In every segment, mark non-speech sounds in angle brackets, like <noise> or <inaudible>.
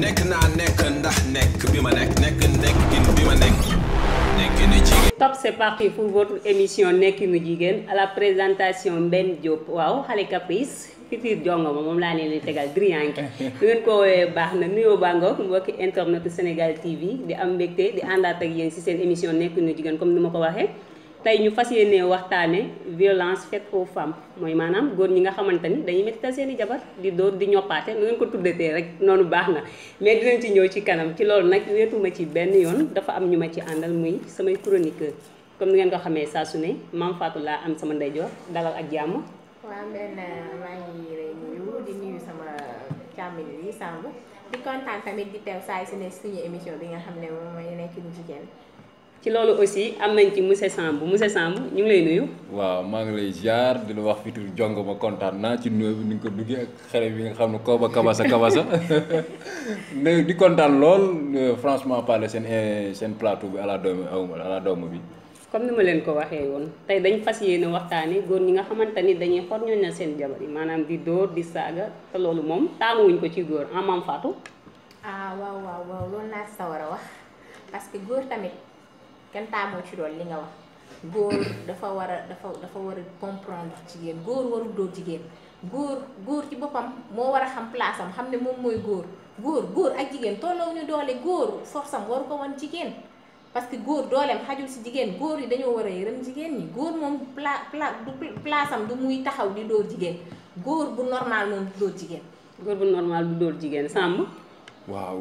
nekk naa nekk ndax nekk bi ma nekk nekk nekkin jigéen. top c'est parti pour votre émission nekkinu jigéen à la présentation Mbène Diop waaw xale caprice futur jongoma moom laa leen di tegal Drianké <laughs> lu ngeen ko woowee baax na nuyoo bàngoog mbokki internet Sénégal TV di am mbégte di àndaat ak yéen ci seen émission nu jigéen comme ni ma ko waxee. tay ñu fasiyene waxtane violence faite aux femmes moy manam goor ñi nga xamanteni dañuy méttital seen i jabar di door di ñopaté nu ngeen ko tuddé té rek nonu baax na mais dinañ ci ñëw ci kanam ci lool nak wétuma ci benn yoon dafa am ñuma ci andal muy samay chroniqueur comme ni ngeen ko xamé sa su ne maam Fatou am sama ndey jor dalal ak jamm wa ben euh, maa ngi lay nuyu di nuyu sama càmmin yi Samb di kontaan tamit di teew saa su ne suñu émission bi nga xam ne moom mooy nekk jigéen ci loolu aussi am nañ ci monsieur Sambu monsieur Sambu ñu ngi lay nuyu. waaw maa ngi lay ziar di la wax tur jong ma kontaan naa ci nuyu bi ni ko duggee ak xale bi nga xam ne kooba kabasa kabasa <laughs> ne di kontaan lool euh, franchement parler seen euh, seen plateau bi ala doomu awma ala doomu bi. comme ni ma leen ko waxee woon tey dañ fas yéene waxtaane góor ñi nga xamante ni dañuy xor ñoo na seen jabar yi maanaam di dóor di saaga te loolu moom taamuwuñ ko ci góor en ah, maam Fatou. ah waaw waaw waaw loolu laa sawar a wax parce que góor tamit. kenn taamoo ci loolu li nga wax góor dafa war dafa dafa war a comprendre jigéen góor warul dóor jigéen góor góor ci boppam moo war a xam place am xam ne moom mooy góor góor góor ak jigéen tolloo ñu doole góor force am waru ko wan jigéen parce que góor dooleem xajul si jigéen góor yi dañoo war a yërëm jigéen ñi góor moom pla du place am du muy taxaw di dóor jigéen góor bu normal moom du dóor jigéen góor bu normal bu dóor jigéen sàmm waaw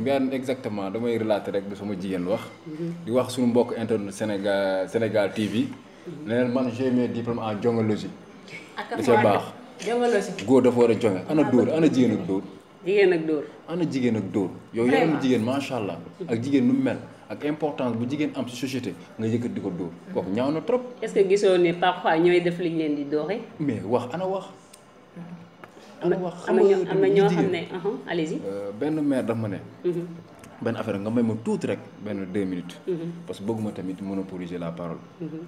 Mbène exactement damay relater rek bi sama jigéen wax. Mhm. di wax suñu mbokk internet Sénégal Sénégal TV. ne leen man j'ai mes diplômes en baax jongologie. góor dafa war a jonge ana ah, dóor ana jigéen ak dóor. jigéen ak dóor. ana jigéen ak dóor. yow yaramu jigéen macha allah. Mhm. ak jigéen nu mu mel. ak importance bu jigéen am ci société nga yëkkat di ko dóor. Mhm. kooku ñaaw na trop. est-ce que gisoo ne parfois ñooy def liñ leen di dooxee. mais wax ana wax. Ben am affaire nga may ma tuuti rek ben 2 minutes. parce que bëgguma tamit monopoliser la parole.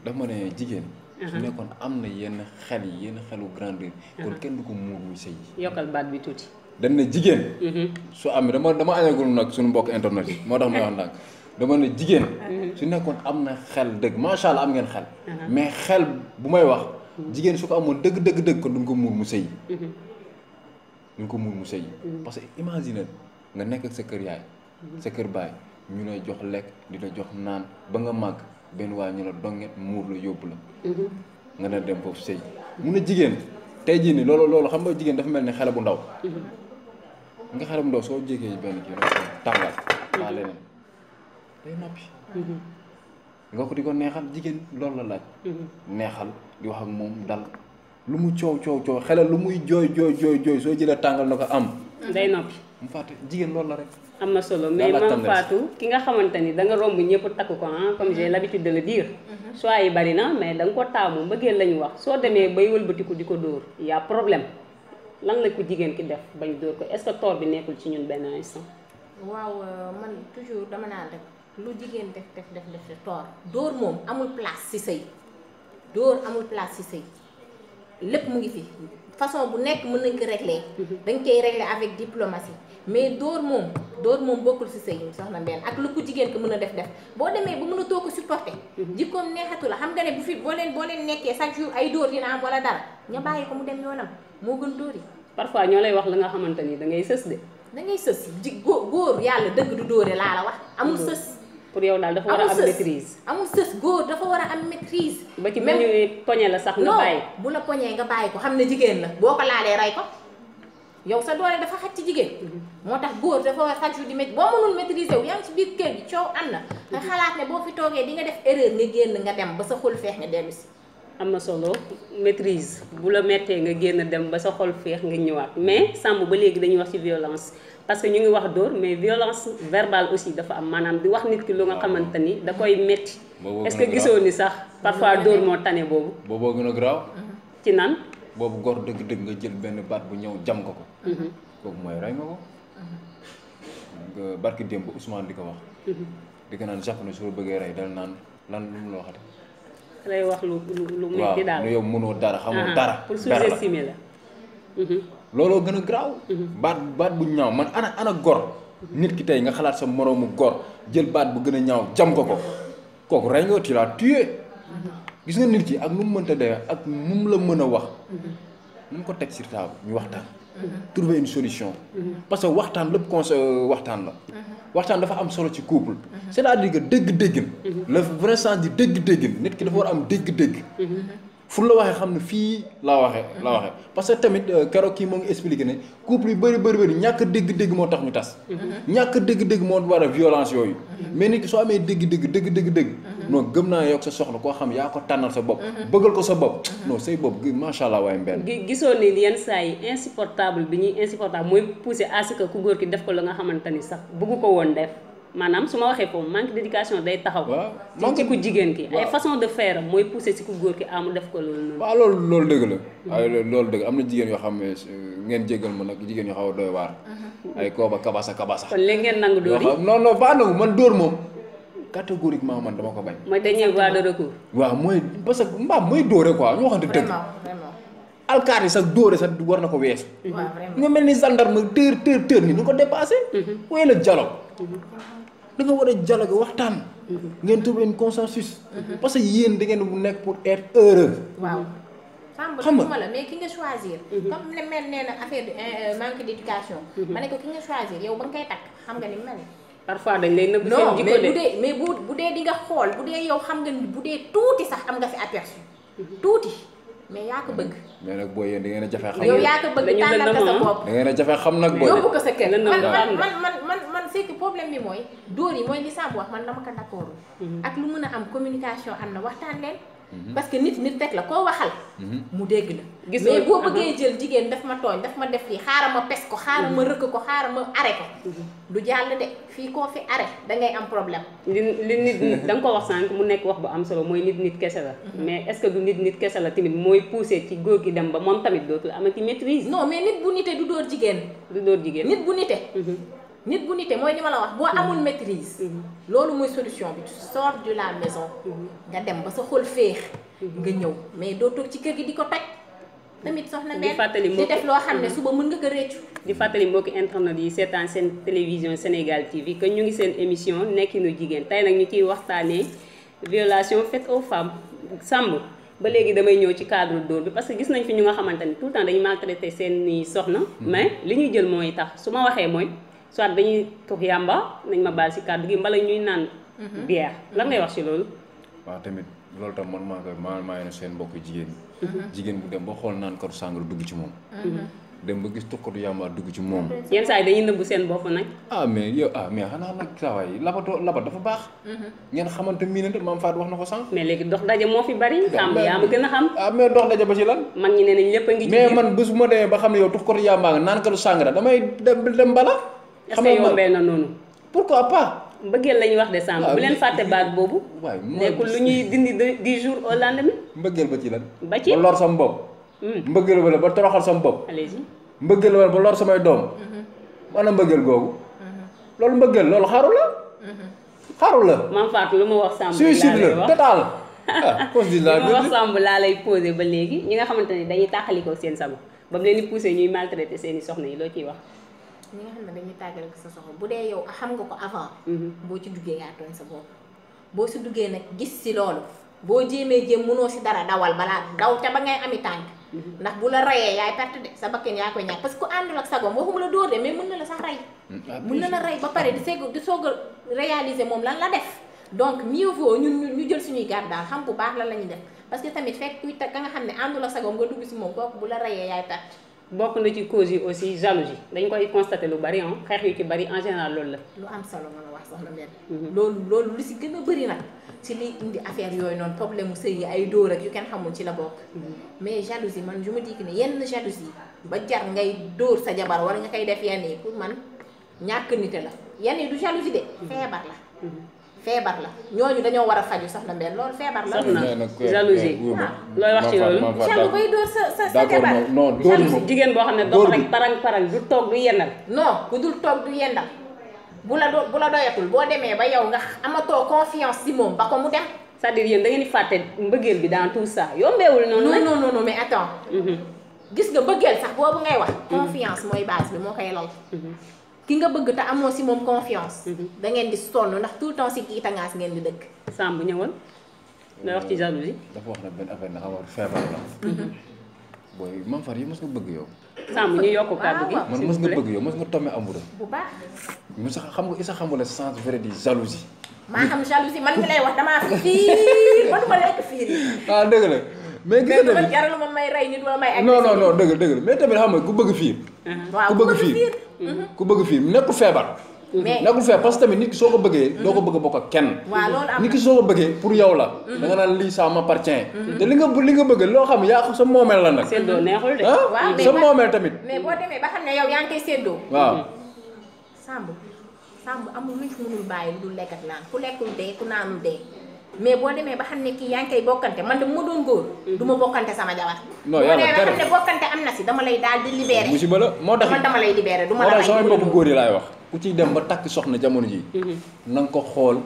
daf ma ne jigéen. su nekkoon am yenn xel yenn xelu grandeur. kon kenn du ko muur muy sëy. yokal baat bi tuuti. dañ ne jigen su am dama dama añagul nak suñu mbokk internet yi moo tax ma wax nak dama ne jigen su nekkoon amna xel deug ma sha allah am ngeen xel. mais xel bu may wax. jigen su ko amone deug deug deug kon duñ ko muur mu sëy. ñu ngi ko muur mu sëy mm-hmm. parce que imagine nga nekk ak sa kër yaay mm-hmm. sa kër baay ñu lay jox lekk di la jox naan ba nga màgg benn waaye ñu la donget muur la yóbbu la mm-hmm. nga na dem foofu sëy mun a jigéen tey jii nii loolu loolu xam nga jigéen dafa mel ni xale bu ndaw nga xale bu ndaw soo jégee benn kii tàngal waa leneen day nga ko di ko neexal jigéen loolu la laaj neexal di wax ak moom dal lu mu coow coow coow xelal lu muy jooy jooy jooy jooy soo jëlee tàngal na ko am. day noppi. mu fàtte jigéen loolu la rek. am na solo mais Mame Fatou ki nga xamante ni da nga romb ñëpp takk ko ah comme bi l'habitude de le dire. Mhm. choix yi bari na mais da nga ko taamu mbëggeel lañu wax soo demee bay wëlbatiku di ko dóor y problème lan la ko jigéen ki def bañ dóor ko est-ce que bi nekkul ci ñun benn instant. waaw euh, man toujours dama naan rek lu jigéen def def def def tort dóor moom amul place ci sëy dóor amul place lépp mu ngi fi façon bu nekk mën nañ ko régler mhm. dañ koy régler avec diplomatie mais dóor moom dóor moom bokkul si sëy soxna mbenn ak lu ko jigéen ko mën a def def boo demee ba mën a too ko supporter mhm. jikkoom neexatu la xam nga ne bu fi boo leen boo leen nekkee chaque jour ay dóor dina am wala dara ña bàyyi ko mu dem yoonam moo gën dóor yi parfois ñoo lay wax la nga xamante ni da ngay sës de da ngay sës ji góor yàlla dëgg du dóore laa la wax amul mhm. sës pour yow daal dafa war a am maîtrise amul sës góor dafa war a am ba ci bu ñuy poñe la sax nga bàyyi bu la poñee nga bàyyi ko xam ne jigéen la boo ko laalee rey ko yow sa doole dafa xaj ci jigéen mhm. moo tax góor dafa war chaque jour di mét boo mënul maîtriser wu yaa ngi ci biir kër gi coow am na mhm. nga xalaat ne boo fi toogee di nga def erreur nga génn nga dem ba sa xol feex nga dellu am na solo maîtrise bu la mettee nga génn dem ba sa xol feex nga ñëwaat mais sàmm ba léegi dañuy wax ci violence parce que ñu ngi wax dóor mais violence verbale aussi dafa am manam di wax nit ki lu nga xamante ni da koy metti est-ce que gisoo ni sax parfois dóor moo tane boobu booboo gën a garaaw mhm. ci nan boobu gor dëgg-dëgg nga jël benn baat bu ñëw jam ko ko mhm. kooku mooy rey nga ko mhm. euh, barki démb Ousmane di ko wax di ko naan jàpp ne su la bëggee rey dal naan lan lu mu la waxate lay wax lu lu lu muy di daal waaw yow mënoo dara xamul dara pour sous-estimer la lolo gëna graw mhm. baat baat bu ñaw man ana ana gor nit ki tay nga xalaat sa moroomu gor jël baat bu gëna ñaw jam ko ko kooku rey nga la tué mhm. gis nga nit ci ak num mënta dé ak num la mëna wax num mhm. ko tek sur table ñu waxtaan trouver une solution parce que waxtaan lepp kon euh, waxtaan la waxtaan dafa am solo ci couple c'est-à-dire que deug dégg le vrai sens du deug deug nit ki dafa war am deug deug fu la waxe xamne fi la waxe la waxe mhm. parce que tamit euh, kéro ki mo ngi expliquer ne couple yu bari bari bari ñak dégg dégg mo tax ñu tass mhm. ñak dégg dégg mo wara violence yoyu mhm. mais ni so amé dégg dégg dégg dégg dégg non gëm na yok sa soxna ko xam ya ko tanal sa bop bëggal ko sa bop non sey bop ma sha Allah way mbél gisoo ni yeen say insupportable bi ni insupportable moy pousser à ce que ku goor ki def ko la nga xamantani sax bëgg ko won def maanaam su ma waxee foofu manque d'éducation day taxaw. manque ci ku jigéen ki. ay façon de faire mooy pousser si ku góor ki ah def ko loolu noonu. waaw loolu dëgg la. Mm-hmm. ay loolu dëgg am na jigéen yoo xam ne ngeen jéggal ma nag jigéen yoo xaw a doy waar. Mm-hmm. ay kooba kabasa kabasa. kon léegi ngeen nangu dóor yi non non baa man dóor moom catégoriquement man dama ko bañ. mooy dernier voie de ko waaw mooy parce que mbaam mooy dóore ko ñu waxante dëgg. alkaat yi sax dóore sax war na ko weesu. waaw mm-hmm. vraiment nga mel ni gendarme tër tër tër ni ñu ko dépassé. wéy la dialogue da war a dialogue waxtaan. Mhm. ngeen trouver un consensus. Mhm. parce que yéen da ngeen bu nekk pour être heureux. waaw. xam nga la mais ki nga choisir. Mhm. comme ne mel nee na affaire de euh, euh, manque d' éducation. ma ne ko ki nga choisir yow ba nga koy takk xam nga ni mel. parfois dañ lay nëbb seen jikko mais bu dee mais bu bu dee di nga xool bu dee yow xam nga ni bu dee tuuti sax am nga fi aperçu tuuti. mais yaa ko bëgg. mais nag booy yéen da ngeen a jafe xam. yow yaa ko bëgg ngeen a jafe xam nag. booy yóbbu ko sa kër man man man man man c'est que problème bi mooy dóor yi mooy li Samb wax man dama ko d'accord mhm. ak lu mun a am communication am na waxtaan leen Mhm. parce que nit nit tek la ko waxal. Mhm. mu dégg la. mais boo beugé jël jigen daf ma togn daf ma def fi xaaral ma pes ko xaaral ma mhm. rëkk ko xaaral ma are ko. du jàll de fi ko fi are da ngay am problème. li li nit dang ko wax sank mu nek wax bu am solo moy nit nit kese la. mais est-ce que du nit nit kese la tamit mooy poussé ci góor gi dem ba mom tamit dootul amati maîtrise. non mais nit bu nité du door jigen du door jigen nit bu nité nit gu nité moy li ma la wax bo amul mm. maîtrise mm. loolu moy solution bi tu sors de la maison mm. nga dem ba sa xol feex nga ñew mais do tok ci kër gi di ko tamit soxna benn di def lo xamné suba mën nga ko réccu di fatali mbokki internet yi c'est en seen télévision Sénégal TV que ñu ngi seen émission nekkinu jigen tay nak ñu ciy waxtaanee violation faite aux femmes sàmb ba léegi damay ñëw ci cadre dóor bi parce que gis nañ fi ñu nga xamante ne tout le temps dañuy maltraité seen soxna mais li ñuy jël mooy tax su ma waxee mooy soit dañuy tux yamba nañ ma bal ci cadre gi mbala ñuy nan bière lan ngay wax ci lool wa tamit lool tam man ma koy ma ma ne seen mbokk jigen mhm. jigen bu dem ba xol nan katu sàngara dugg ci mom dem ba gis tukkatu yamba dugg ci mom yeen say dañuy neub seen bopp nak ah mais yo ah mais xanaa nag saa waay labatoo labat dafa bax mhm. ngeen xamante miinante maam Fatou wax na ko mais léegi dox daje mo fi bari xam ya ma gëna xam ah mais dox daje ba ci lan mag ñi ne nañ lépp ci mais man bés bu ma demee ba xam ne yow tukkatu yamba nan ko katu damay dem dem bala xam nga yombee na noonu pourquoi pas mbëggeel lañuy wax de sàmm bu leen fàtte baat boobu nekkul lu ñuy dindi dix jours au lendemain mbëggeel ba ci lan ba ci ba lor sama bopp hmm. mbëggeel wala ba toroxal sama bopp allez-y mbëggeel wala ba lor samay doom maanaam hmm. mbëggeel googu hmm. loolu mbëggeel loolu xaru la xaru la maam Fatou lu ma wax sàmm suicide la total <laughs> ah cause di laa wax sàmm laa lay posé ba léegi ñi nga xamante dañuy tàqalikoo seen sama ba mu leen ñuy maltraité seen soxna yi loo ciy wax ñi nga xam ne dañuy tàggale ko sa soxla bu dee yow xam nga ko avant. Mm-hmm. boo ci duggee yaa tooñ sa bopp boo si duggee nag gis si loolu boo jéemee jéem mënoo si dara dawal balaa daw te ba ngay ami tànk. Mm-hmm. ndax bu la rayee yaay perte de sa bakkan yaa koy ñàkk parce que ku àndul ak sagom waxuma la dóor de mais mën na la sax rey. mën mm-hmm. na la rey ba pare di seeg di soog a réaliser moom lan la def. donc mieux vaut ñun ñu jël suñuy garde daal xam bu baax lan la ñuy def parce que tamit fekk kuy tag xam ne àndul ak sagom nga dugg si moom kooku bu la rayee yaay bokk na ci cause yi aussi jalousie dañ koy constaté lu bari ah xeex yu ci bari en général loolu la. lu am solo mën a wax soxna Mbène. Mhm. loolu loolu lu si gën a bari nag ci liy indi affaire yooyu noonu problème mu sëy yi ay dóor ak yu kenn xamul ci la bokk. Mhm. mais jalousie man je me dis que ne yenn jalousie ba jar ngay dóor sa jabar wala nga koy def yenn yi pour man ñàkk nite la yenn yi du jalousie de mhm. feebar la. feebar la ñooñu dañoo war a faju sax na mel loolu feebar la. soxna jalousie ah. looy wax ci loolu. jaloux bay dóor sa sa sa jigéen boo xam ne dox rek parang parang du toog du yendal. non ku dul toog du yendal bu la do bu la doyatul boo demee ba yow nga amatoo confiance si moom ba ko mu dem. sa à dire yéen da di fàtte mbëggeel bi dans tout ça yombeewul noonu. non non non non mais attends. Mhm. gis nga mbëggeel sax boobu ngay wax. Mhm. confiance mooy base bi moo koy lal. Mhm. ki nga bëgg ta amo ci mom confiance. Mhm. da ngeen di son ndax tout temps si kii tangaas ngeen di sam bu ñewon na wax ci jalousie. dafa wax na ben affaire na xamal feebar la. Mhm. boy Mame Far yi mos nga bëgg yow. sam ñu yokk kàddu gi. man mos nga bëgg yow mos nga tombé amoureux. bu baax. mu sax xam nga isa xamul sens vrai di jalousie. ma xam jalousie man mi lay wax dama fi man ma lek fi ah deug la. mais gis nga tamit jarul ma may rey nit wala may. non non non dëgg dëgg mais tamit xam nga ku bëgg fiir. waaw ku bëgg fiir ku bëgg fiir nekkul feebar. mais nekkul feebar parce tamit nit ki soo ko bëggee. doo ko bëgg bokk ak kenn. nit ki soo ko bëggee pour yow la. da nga naan lii ça m'appartient. te li nga li nga bëgg loo xam yaa sa moomeel la nag. séddoo neexul de. Ah? waaw sa moomeel tamit. mais boo demee ba xam ne yow yaa ngi koy séddoo. waaw. Samb Samb amul lu ñu mënul bàyyi lu dul lekk ak naan ku lekkul dee ku naanul dee mais boo demee ba xam ne kii yaa ngi koy bokkante man de bu ma doon góor. du ma bokkante sama jabar. non yàlla tere bu xam ne bokkante am na si dama lay daal di libéré. musiba la moo tax dama lay libéré du ma la may. moo tax góor yi laay wax ku ciy dem ba takk soxna jamono ji mhm. na nga ko xool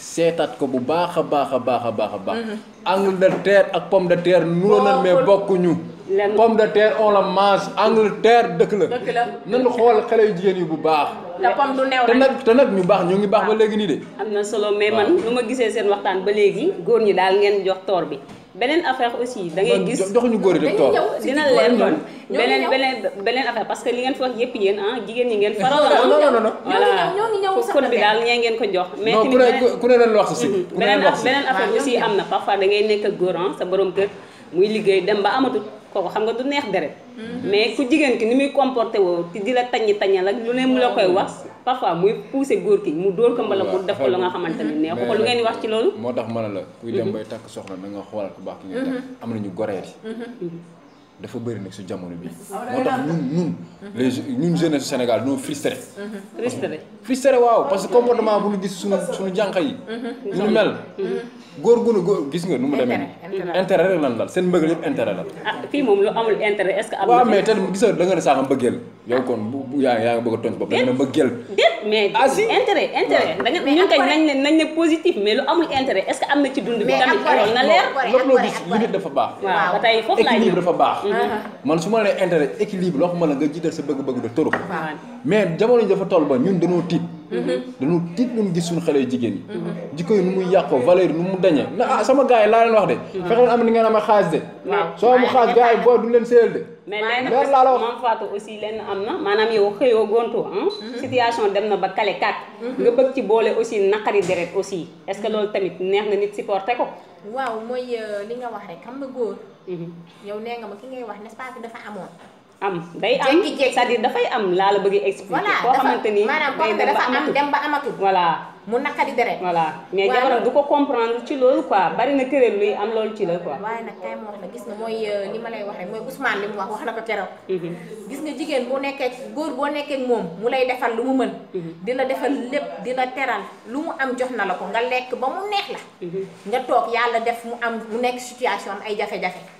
setat ko bu baakha baakha baakha baakha baax a baax mm-hmm. a Angleterre ak pomme de terre nuroo me bokku ñu pomme de terre on la mange Angleterre dëkk la. dëkk la nañu xool xale yu jigéen yi bu baax. te pomme du neew te nak te nag ñu baax ñu ngi baax ba léegi ni de. amna solo mais man luma gisee seen waxtaan ba léegi goor ñi dal ngeen jox tor bi. benen affaire aussi da ngay gis doxuñu rek yi dina leen doon benen benen benen affaire parce que li ngeen foog yépp yeen ah jigen ñi ngeen faral non non ah. non ñoo ngi sax ko bi dal ñe ngeen ko jox mais tamit ku ne lan wax si mhm. beneen benen affaire ah, aussi amna parfois da ngay nekk ak góor ah, sa borom keur muy liggey dem ba amatu kooku xam nga du neex deret mhm. mais ku jigen ki ni muy comporter wo ti dila tagni tagnal ak lu ne mu la koy wax parfois muy poussé góor ki mu dóor ko mbala mu def ko la nga xamante ne neexu ko lu ngeen wax ci loolu moo tax man ne la kuy dem mhm. bay takk soxla nanga nga xoolal ku baax ki ngay takk mhm. am nañu goreeti mhm. dafa bëri nag su jamono bi ah, moo tax ñun ñun les ñun jeunesse Sénégal ñoo frustré frustré fistéré waaw parce que comportement bu ñu gis suñu suñu jànq yi. ñu mhm. mel. Mhm. Mhm. góor gu nu góor gis nga nu mu demee nii. intérêt rek lan dal seen mbëggeel yëpp intérêt la. ah fii moom lu amul intérêt est-ce que. am na waaw mais te gis nga da nga ne sax mbëggeel. yow kon bu yaa yaa nga bëgg a tontu bopp da nga ne mbëggeel. déet mais ah, intérêt intérêt da nga ñun kay nañ ne nañ ne positif mais lu amul intérêt est-ce que am na ci dund bi tamit loolu na leer. lépp loo gis limite dafa baax. waaw ba tey foofu laa équilibre dafa baax. man su ma nee intérêt équilibre loo xam la nga jiital sa bëgg-bëgg de toro mais jamono ñu dafa toll ba ñun dañoo tiit Mhm. dañu tiit lu ñu gis suñu xale jigéen yi mhm. jikko yi nu muy yàqoo valeur nu mu dañee na ah sama gars yi laa leen wax de mhm. fexe leen am ni ngeen amee xaalis de soo amu xaalis lenn am na maanaam yow xëyoo gontoo ah. situation dem na ba kale kat nga bëgg ci boole aussi naqari deret aussi est ce que loolu tamit neex na nit supporté ko waaw mooy ni euh, nga wax rek xam nga góor yow nee nga ma ki ngay wax nest dafa amoon am day am c'est-à-dire dafay am laa la bëgg expliquer koo xamante ni ma dafa am dem ba amatul voilà mu naqari deret voilà mais jabaram du ko comprendre ci loolu quoi bari na këréel luy am loolu ci la quoi waaye nag kay ma la gis na mooy li euh, ma lay wax rek mooy Ousmane li mu wax wax na ko keroog mhm. gis nga jigéen boo nekkee góor boo nekkee moom mu lay defal lu mu mën mhm. di la defal lépp di la teral lu mu am jox na la ko nga lekk ba mu neex la mhm. nga toog yàlla def mu am mu nekk situation ay jafe-jafe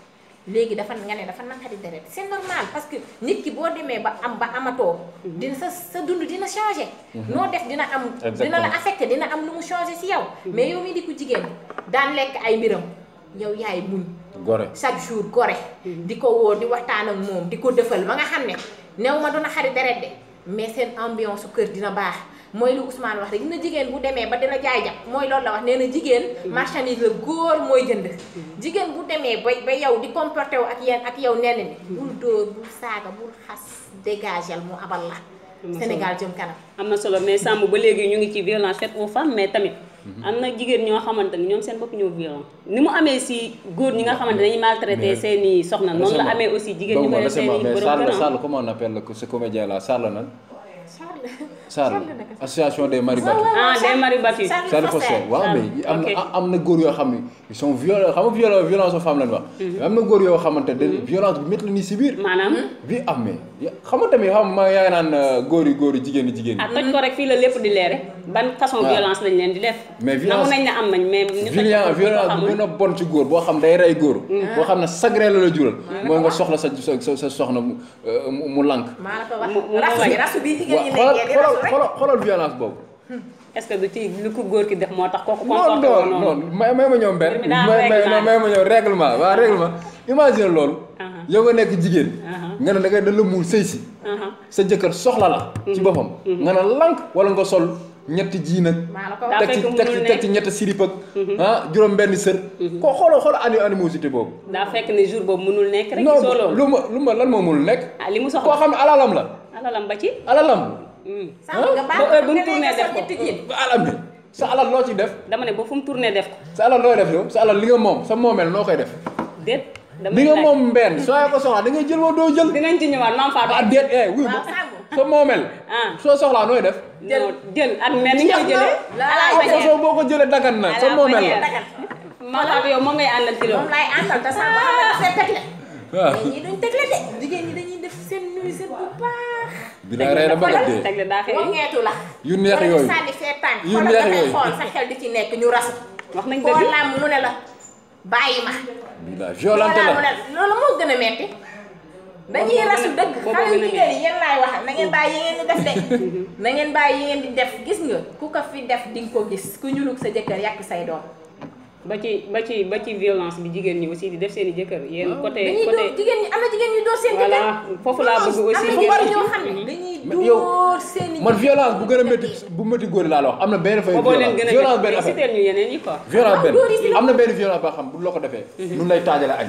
léegi dafa nga ne dafa naqari deret c'est normal parce que nit ki boo demee ba am ba amatoo. Mhm. dina sa sa dund dina changé. Mhm. noo def dina am. dina la affecté dina am lu mu changé si yow. Mhm. mais yow mii di ko jigéen daan lekk ay mbiram yow yaay muñ. gore chaque jour gore. di ko woo di waxtaan ak moom di ko defal ba nga xam ne néew ma duna xari deret de mais seen ambiance su kër dina baax. mooy lu Ousmane wax rek na jigéen bu demee ba dina jaay jàpp mooy loolu la wax jigéen mm-hmm. marchandise la góor mooy jënd mm-hmm. jigéen bu demee ba ba yow di comporté wu ak yéen ak yow nenn ni mm-hmm. bul dóor bul saaga bul xas dégagel mu abal la Sénégal jëm kanam am na solo mais sàmm ba léegi ñu ngi ci violence faite aux fam mais tamit am na jigéen ñoo xamante ni ñoom seen bopp ñoo violent ni mu amee si góor ñi nga xamante ni maltraité seen i soxna noonu la amee aussi jigéen ñi koy seen i borom Sall Sall comment on appelle ce comédien là Sall nan Sall Sall association des ah, maris battus. ah des maris battus. Sall Foster waaw ah, mais am na am góor yoo xam ne ils sont violents xam nga violence aux femmes lañu wax. Mhm. am na góor yoo xamante ne mhm. violence bu métti la nii si biir. maanaam bi hmm? am ah, mais xam nga tamit xam ma yaa naan euh, góor yi góor yi jigéen yi jigéen yi. ah toj ko la lépp di leere ban façon violence lañ leen di def. mais violence nañ ne am nañ mais. ni violence bu gën a bon ci góor boo xam day rey góor. Hmm. boo xam ne sagré la la jural. mooy nga soxla sa sa soxna mu euh, mu la xoolal xoolal violence boobu. Hmm. est-ce que ko góor ki def moo tax kooku. comporté wu noonu non non may ma ñëw benn. may may ma ñëw règlement waaw uh-huh. règlement. imagine uh-huh. jigéen. Uh-huh. nga ne da ngay da la muur sëy si. sa jëkkër soxla la. Mm-hmm. boppam. Mm-hmm. nga ne lànk wala nga sol ñetti ji nag. daa fekk mu teg ci teg ci ñetti mm-hmm. ah, benn sër. koo xooloo xooloo ani animosité boobu. daa fekk ne mënul nekk rek. gisoo lu ma lan moo mënul nekk. ah li mu soxla koo xam ne alalam la. alalam ba ci. alalam. sànq nga baax ba heure bu def ko alal bi sa alal loo ci def. dama ne def ko. sa alal looy def yow sa alal li nga moom sa moomeel noo koy def. déet li nga moom mbenn soo ko soxlaa da ngay jël woo doo jël. dinañ ci ñëwaat maam Fatou. ah déet eh wuy sa moomeel. soo soxlaa nooy def. jël jël ak mel ni nga ko jëlee. alaay soo boo ko jëlee dagan na sa la. yow ngay ci waaw ñii duñ tegle de jigéen ñi dañuy def seen nuisette bu baax. dina rey dama ko yu neex yooyu yu neex yooyu xool sa xel di ci nekk ñu rasu. wax nañ dëgg xool mu ne la bàyyi ma. bila violente la loolu moo gën a metti. Eh? dañuy rasu dëgg xale yu jigéen oh. yi yéen laay <laughs> wax na ngeen bàyyi yi ngeen di def de. na ngeen bàyyi ngeen di def gis nga ku ko fi def di ko gis ku sa jëkkër say doom. ba ci ba ci ba ci violence bi jigéen ñi aussi di def seen i jëkkër yéen côté côté jigéen ñi am na jigéen ñi door seen voilà foofu laa bëgg aussi ñoo mm-hmm. i man violence bu gën a métti bu métti góor laa la wax am na benn fay violence benn affaire ñu yeneen benn am na benn violence ba xam bu la ko defee nun mm-hmm. lay taajale añ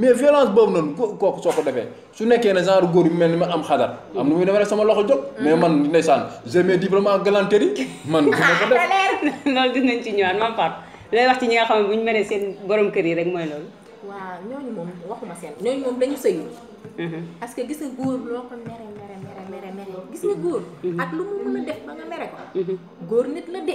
mais violence boobu noonu kooku soo ko defee su nekkee ne genre góor yu mel ni ma am xadar am na muy demee rek sama loxo jóg. mais man ndeysaan j'ai mes diplômes en <laughs> loolu dinañ ci nga xam bu ñu meree seen borom kër yi rek mooy loolu. waaw ñooñu moom waxuma seen ñooñu moom dañu sëyul. Mhm. parce que gis nga góor loo ko mere mere mere mere gis nga góor. Mhm. ak lu mu mën a def ma nga mere ko. Mhm. góor nit la de.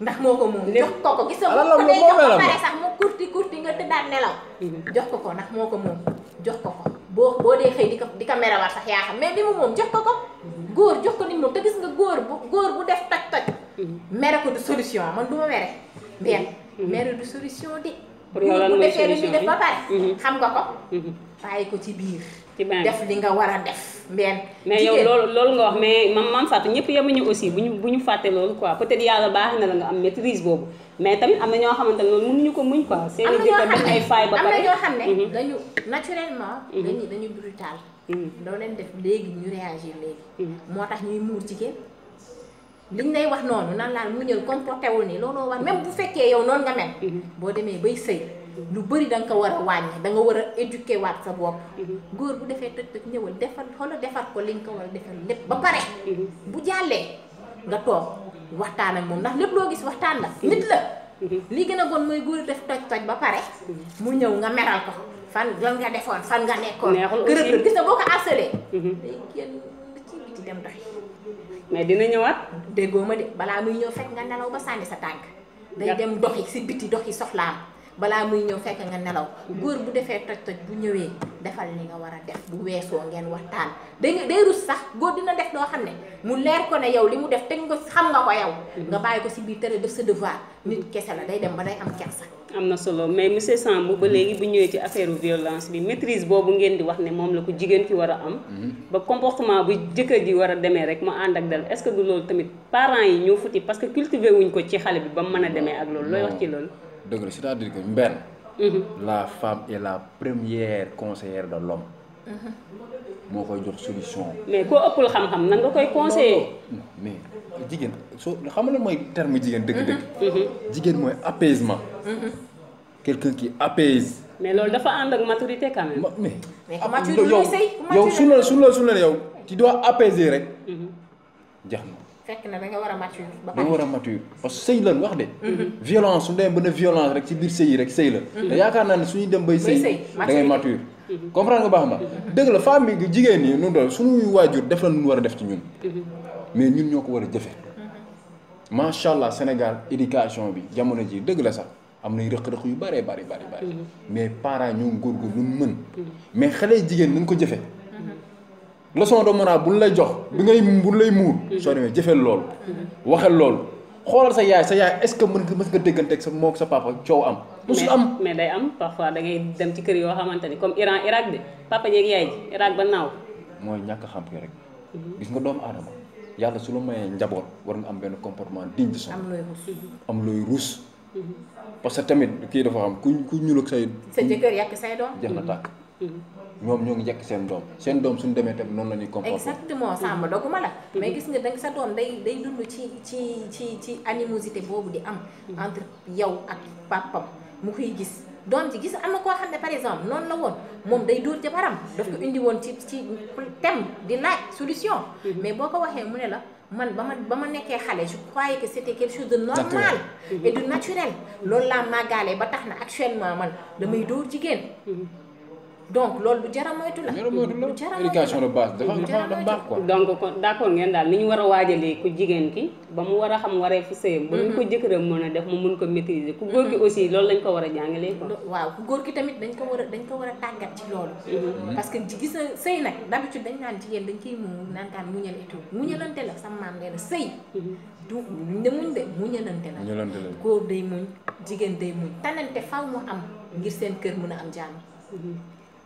ndax moo ko moom jox ko ko gis nga mu lay jox ko pare sax mu kurti kurti nga tëddaat nelaw jox ko ko ndax moo ko moom jox ko ko boo boo dee xëy di ko di ko merewaat sax yaa xam mais li mu moom jox ko ko mhm. góor jox ko ni moom te gis nga góor bu góor bu def toj toj mhm. mere ko du solution man du ma mere mbenn mhm. mere du solution di pour yow lan solution bi bu defee lu ñu def ba pare xam nga ko bàyyi ko ci biir def li nga war a def mbenn mais yow loolu loolu nga wax mais man mam Fatou ñëpp ñu aussi bu ñu bu ñu fàtte loolu quoi peut di yàlla baax na la nga am maîtrise boobu mais tamit am na ñoo xamante ne loolu mënuñu ko muñ quoi seen jëkkër dañ ay faay ba pare na ñoo xam ne mhm. dañu naturellement mhm. dañu brutal mhm. doo leen def léegi ñu réagir léegi moo tax ñuy muur jigéen liñ lay wax noonu nan laan mu ñëw comporté wul nii looloo war même bu fekkee yow noonu nga mel boo demee bay sëy lu bëri da nga ko war a wàññi da nga war a éduquer waat sa bopp. Mm-hmm. góor bu defee tëj tëj ñëwal defar xoola defar ko li nga ko war a defar lépp ba pare. Mm-hmm. bu jàllee nga toog waxtaan ak moom ndax lépp loo gis waxtaan la nit la. Mm-hmm. li gën a bon mooy góor def toj toj ba pare. mu ñëw nga meral ko fan lan nga defoon fan nga nekkoon. neexul aussi gis na boo ko harcelé. day génn ci biti dem doxi mais dina ñëwaat. déggoo ma de balaa muy ñëw fekk nga nelaw ba sànni sa tànk. day dem doxi si biti doxi soxlaam. balaa muy ñëw fekk nga nelaw góor bu defee toj-toj bu ñëwee defal ni nga war a def bu weesoo ngeen waxtaan day day sax góor dina def loo xam ne mu leer ko ne yow li mu def teg nga xam nga ko yow. nga bàyyi ko si biir tere def sa devoir nit kese dem ba day am kersa. am na solo mais monsieur Samb ba léegi bu ñëwee ci affaire violence bi maîtrise boobu ngeen di wax ne moom la ko jigéen ci war a am. Mhm. ba comportement bu jëkkër ji war a demee rek mu ànd ak dal est-ce du loolu tamit parents yi ñoo futi parce que cultivé wuñ ko ci xale bi ba mu mën a demee ak loolu. looy wax ci loolu. degré c'est-à-dire que mbenn mhm. la femme est la première conseillère de l'homme mhm. moo koy une solution mais koo ce xam-xam nan nga koy conseiller mais digen soo xam la mooy terme digen dëgg-dëgg mhm. jigéen mooy apaisement quelqu'un qui apaise mais ça, dafa ànd ak maturité quand même. mais mais maturité tu dois apaiser rek fekk na da nga war a mature. ba war a mature parce que sëy lan wax de. Mhm. violence su ñu demee ba ne violence rek ci biir sëy yi rek sëy la. Mhm. te yaakaar naa ne su ñuy dem bay sëy da ngay mature. Mhm. nga baax ma dëgg la femme bi jigéen ñi ñun daal suñuy waajur def la ñu war a def ci ñun. mais ñun ñoo ko war a jëfe macha allah Sénégal éducation bi jamono ji dëgg la sax am nay rëq-rëq yu bëree bëri bëri. mais parents ñoo góorgóorlu lu mën. mais xale jigéen nañ ko jëfe leçon de mona bu lay jox bi ngay bu lay muur mhm. so demee jëfël lool mhm. waxal lool xolal sa yaay sa yaay est ce que mën nga mës nga déggante ak sa mok sa papa coow am musul am mais day am parfois da ngay dem ci kër yo xamanteni comme Iran Irak de papa ak yaay ji Irak ba naaw moy ñak xam ki rek mhm. gis nga doom adam yalla su la may njabot war nga am ben comportement digne de son am loy ruus parce que tamit ki dafa am ku ñu ñuul say sa jëkër yak say doom jëna tak Mm-hmm. ñoom ñoo ngi seen seen exactement mm-hmm. mais gis animosité entre yow ak papam mu koy gis doom ci gis am par exemple la day thème solution mais ne je croyais que c'était quelque chose de normal mm-hmm. et de naturel loolu laa ba actuellement man damay donc loolu lu jar a moytu la. lu jar a moytu la éducation de base dafa dafa baax quoi. donc kon d' accord ngeen daal ni ñu war a waajalee ku jigéen ki ba mu war a xam waree fu sëyam. ba ñu ko mhm. jëkkëram mën a def mu mun ko maîtriser. ku góor ki mhm. aussi loolu lañ ko war a jàngalee quoi. waaw ku góor ki tamit dañ ko war a dañ ko war a tàggat ci loolu. Mhm. parce que gis na sëy nag d' habitude dañ naan jigéen dañ ciy mu naan kaan muñal et tout muñalante la sama maam nee na sëy. du muñ de muñ de muñalante la. muñalante la góor day muñ jigéen day muñ tanante faw mu am ngir seen kër mën a am jàmm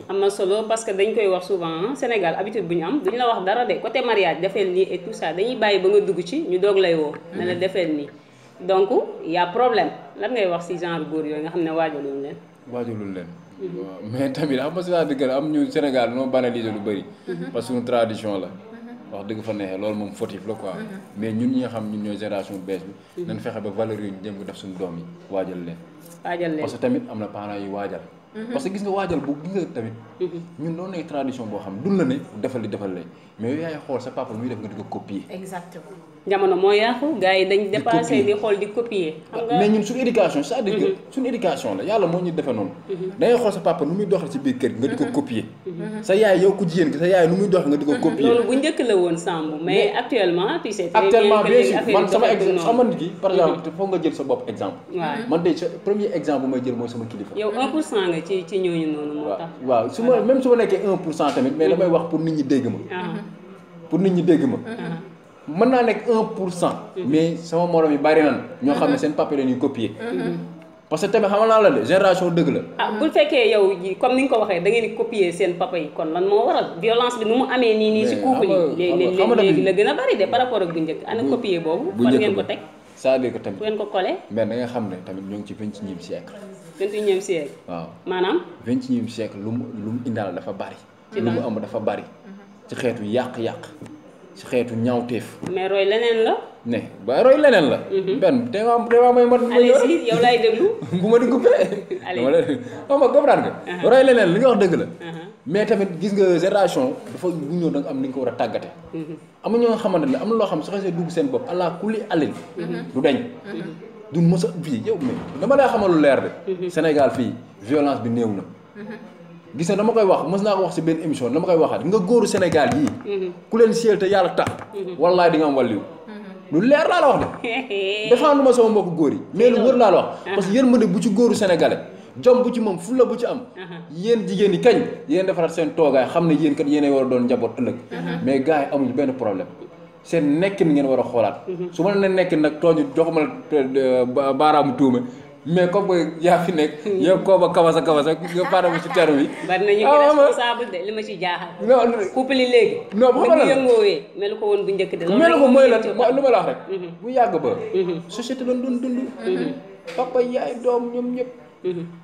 amna solo parce que dañ koy wax souvent hein, Sénégal habitude buñ am duñ la wax dara de côté mariage defeel ni et tout ça dañuy bayyi ba nga dugg ci ñu dog lay wo ne la mhm. defeel ni donc il y' a problème lan ngay wax ci genre goor yoy nga xam ne len leen. waajaluñ leen. Mhm. mais tamit xam ci cest à am ñu Sénégal noo banaliser lu bari mhm. parce que une tradition la. wax dëgg fa neexee loolu moom fautif la quoi. mais ñun ñi nga xam ñun ñooy génération bees bi. nañ fexe ba valeur yi ñu jëm def suñu doom yi waajal leen. waajal leen parce que tamit am na parents yi waajal. Mm-hmm. parce que gis nga waajal bu gis nga tamit. Mm-hmm. ñun noonu lay tradition boo xam duñ la ne defal li defal lay mais yow yaay xool sa papa muy def nga di ko copier. jamono moo yàqu gars dañ dépassé di xool di copier xam nga mais ñun suñu éducation c'est-à-dire que mhm. éducation la yàlla moo ñu defee noonu mhm. da ngay xool sa papa nu muy doxal ci biir kër gi nga di ko mhm. copier sa yaay yow ku jigéen ki sa yaay nu muy doxal nga di ko copier loolu bu njëkk la woon Samb mais actuellement tu sais actuellement man sama exemple sama nit ki par exemple foog nga jël sa bopp exemple waaw man de sa premier exemple bu may jël mooy sama kilifa yow 1 waaw ma même su ma nekkee 1 mais damay wax pour nit ñi dégg ma ah. pour nit ñi dégg ma ah. mën naa nekk 1 mais sama morom yi bari nan ñoo xam ne seen papier la ñuy copier parce que tamit xam naa la de génération dëgg la ah bu fekkee yow ji comme ni nga ko waxee da ngeen di copier seen papa yi kon lan moo waral violence bi nu mu amee nii nii si couple yi léegi léegi la gën a bari de par rapport ak bu njëkk ana copier boobu fan ngeen ko teg c'est-à-dire que tamit fu ngeen ko collé mais da nga xam ne tamit ñu ngi ci vingt-et-unième siècle vingt et siècle waaw maanaam vingt et siècle lu mu lu mu indaal dafa bari lu mu am dafa bari ci xeetu yàq-yàq ci xeetu ñaawteef. mais roy leneen la. ne ba roy leneen la. Mhm. benn te ma te ma may mat. allez <laughs> bu ma di guppee. allez dama leen xaw ma li nga wax dëgg la. Uh-huh. mais tamit gis nga génération dafa bu ñëw da am ni ko war a tàggate. Mhm. am na ñoo xamante ne am na loo xam su xasee dugg seen bopp allah kulli alin. Mhm. du dañ. du mos sa fii yow mais dama lay xamal lu leer de. Sénégal fii violence bi néew na. gis na dama koy wax mës naa ko wax si benn émission dama koy waxaat nga góoru Sénégal yii. Mhm. ku leen siyal te yàlla tax. Mhm. wallaay di nga am wàlliw mhm. lu leer laa la wax de. <laughs> défendre ma sama mbokku góor yi. mais lu wër laa la ah. que yërmande bu ci góoru sénégalais. jom bu ci moom fulla bu ci am. Ah. yéen jigéen ñi kañ. yéen defaraat seen toogaay xam ne yéen kat yéen a war a doon njaboot ëllëg. mais gars yi amuñu benn problème. seen nekkin ngeen war a xoolaat. su ma la nekkin nag tooñu joxuma euh, baaraamu tuume mais comme que yaa fi nekk. Hmm. yow kooba kawasa kawasa yow baaraamu ci terme bi. <laughs> bari na ñu ngi ah, responsable de li ma ci jaaxal. non couple léegi. non bu xoolee yëngoowee melu ko woon bu njëkk de. melu ko mooy lan lu ma la wax mm-hmm. Mm-hmm. bu yàgg ba. Mm-hmm. société lañ doon dund. papa yaay doom ñoom ñëpp.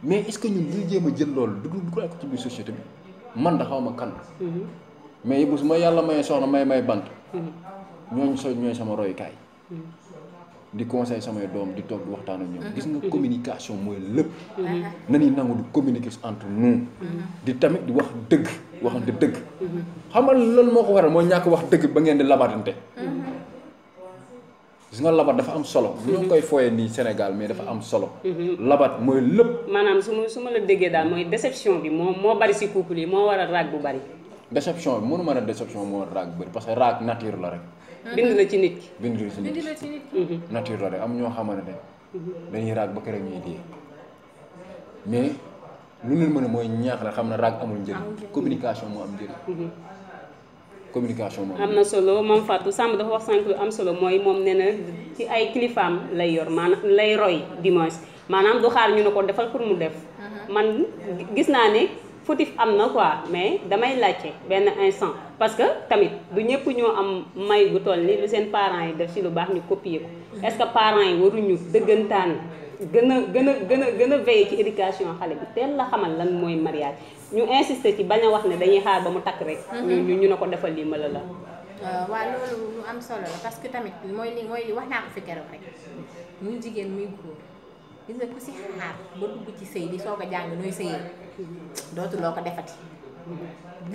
mais est-ce que ñun duñ jéem a jël loolu dugg ko ci biir société bi man da xaw ma kan. mais bu ma yàlla mayee soxna may may bant. ñooñu soo ñooy sama royukaay. di conseil samay doom di toog di waxtaan ak ñoom mm-hmm. gis nga communication mooy lépp mm-hmm. nañuy nangu di communiquer entre nous mm-hmm. di tamit di wax dëgg waxante dëgg xam nga loolu moo ko waral mooy ñàkk wax dëgg ba ngeen di labatante gis nga dafa am solo ñoo koy fooyee nii Sénégal mais dafa am solo labat mooy lépp maanaam su ma su ma la déggee daal mooy déception bi moo moo bari si couple yi moo waral raag bu bari déception bi mënu mën a déception moo waral raag bu bari parce que raag nature la rek Mhm. bind na ci nit ki. bind na ci nit ki mhm. nature la de am ñoo xamante ne mhm. dañuy raag ba keroog ñuy dee mais lu ñu mën a mooy ñaax la xam na raag amul njëriñ communication moo am njëriñ. communication moom am na solo moom Fatou Samb dafa wax sànq lu am solo mooy moom nee na ci ay kilifaam lay yor maanaam lay roy dimanche maanaam du xaar ñu ne ko defal pour mu def man gis naa ne. fautif am na quoi mais damay laajte benn instant parce que tamit du ñëpp ñoo am may bu toll ni lu seen parents yi def ci lu baax ñu copier ko est-ce que parents yi waruñu dëggantaan gën a gën a gën a gën a veiller ci éducation xale bi te la xamal lan mooy mariage ñu insister ci bañ a wax ne dañuy xaar ba mu takk rek. Mhm. ñu ñu ne ko defal lii mala la. Euh, waaw loolu lu am solo la parce que tamit mooy li mooy wax naa ko fi keroog rek muy gis nga ku si xaar ba dugg ci sëy di soo a jàng nooy sëyee dootuloo ko defati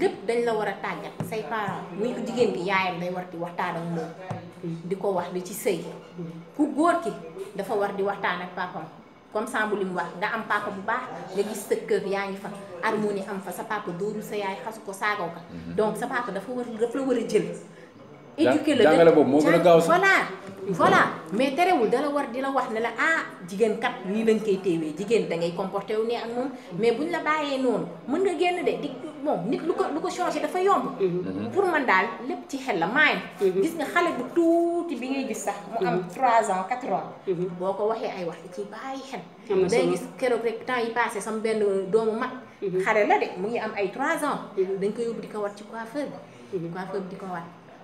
lépp dañ la war a tàggat say parents muy jigéen gi yaayam day war di waxtaan ak moom di ko wax li ci sëy ku góor ki dafa war di waxtaan ak papam comme Sambou li mu wax nga am papa bu baax nga gis sa kër yaa ngi fa harmonie am fa sa papa dóoru sa yaay xasu ko saagaw ka mhm. donc sa papa dafa war dafa la war a jël éduquer la jàngale boobu moo gën a gaaw voilà voilà mais terewul dala war di la wax ne la ah jigéen kat lii lañ koy téewee jigéen da ngay comporté wu ne ak moom mais ñu la bàyyee noonu mën nga génn de di bon nit lu ko lu ko changé dafa yomb. Mm-hmm. pour man daal lépp ci xel la maay. Mm-hmm. gis nga xale bu tuuti bi ngay gis sax. mu am 3 mm-hmm. ans 4 ans. boo ko waxee ay wax da ciy bàyyi xel. day gis keroog rek temps yi passé sama benn doomu mag. xale la de mu ngi am ay 3 ans. dañ ko yóbbu di ko wat ci coiffeur bi. di ko wat.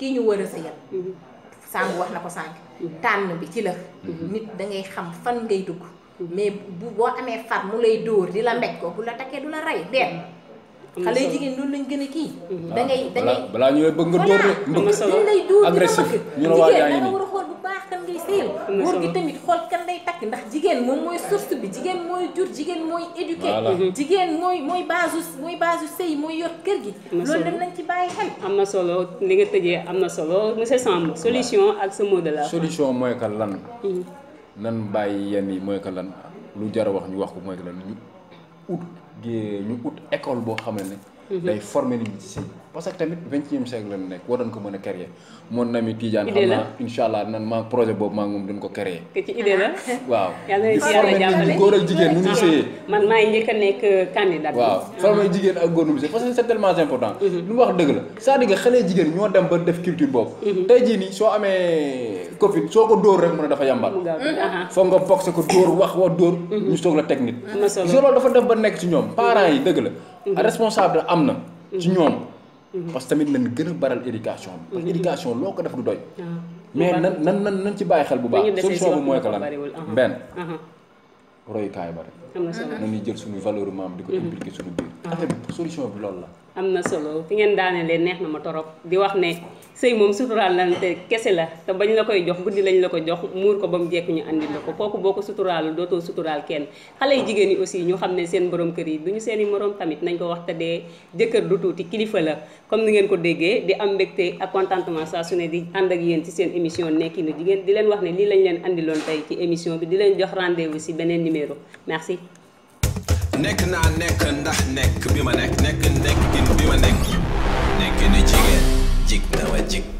kii ñu war a sëyal mhm. sànq wax na ko sànq mhm. tànn bi ci la mhm. nit da ngay xam fan ngay dugg mais bu boo amee far mu lay dóor di la mbéj ko bu la takkee du la rey deen xale yu jigéen loolu lañ gën a kii da ngay da ngay balaa ñëwee bëgg nga dóor de mbëgg agressif ñu la waa gaa nii fayal góor gi tamit xool kan lay takk ndax jigéen moom mooy source bi jigéen mooy jur jigéen mooy éduqué mhm. jigéen mooy mooy base mooy sëy mooy yor kër gi loolu dem nañ ci bàyyi xel am na solo li nga tëjee am na solo monsieur Samb solution ak sa mot solution mooy ka lan mhm. nan bàyyi yenn yi mooy ka lan lu jar wax ñu wax ko mooy ka lan ñu ut gée ñu ut école boo xam ne mhm. day former nit ñi ci sëy parce que tamit 20e siècle la nek war ko mën créer mon nami Tidiane xamna inshallah nan ma projet bob ma ngum moom ko créer ke ci idée la <laughs> waaw yalla ci yàlla jàppale góor ak jigéen nu man may ñëk nek candidat waaw formé jigen ak gonum nu parce que c'est tellement important mhm. lu wax deug la ça à dire que xale ñoo dem ba def culture bob mhm. tay ji ni so amé Covid soo ko dóor rek mëna dafa yambal mhm. fo nga boxe ko door wax wa door ñu soog la technique nit so dafa def ba nek ci ñom parents yi deug la responsable amna ci ñom Mhm. parce que tamit nañ gën a baral éducation bi. parce mhm. loo ko def du doy. Ah. mais nan nan nan nan ci bàyyi xel bu baax. solution bi mooy ko lan benn. royukaay bari. am na solo nañuy jël suñu valeur maam di ko mhm. impliqué suñu biir. affaire bi solution bi loolu la. am na solo fi ngeen daanelee neex na ma torop di wax ne sëy moom suturaalante kese la te bañ la koy jox guddi lañ la ko jox muur ko ba mu jekk ñu andi la ko kooku boo ko suturaalu dootoo suturaal kenn xale yi jigéen yi aussi ñu xam ne seen borom kër yi du ñu seen i morom tamit nañ ko wax te dee jëkkër du tuuti kilifa la comme ni ngeen ko déggee di am mbégte ak contentement saa su ne di ànd ak yéen ci seen émission Nekkinu Jigéen di leen wax ne lii lañ leen andiloon ci émission bi di leen jox rendez-vous ci beneen numéro Neck and I neck and that neck. Be my neck, neck and neck, can be my neck. Neck and a jig. Eh? Jig now a jig.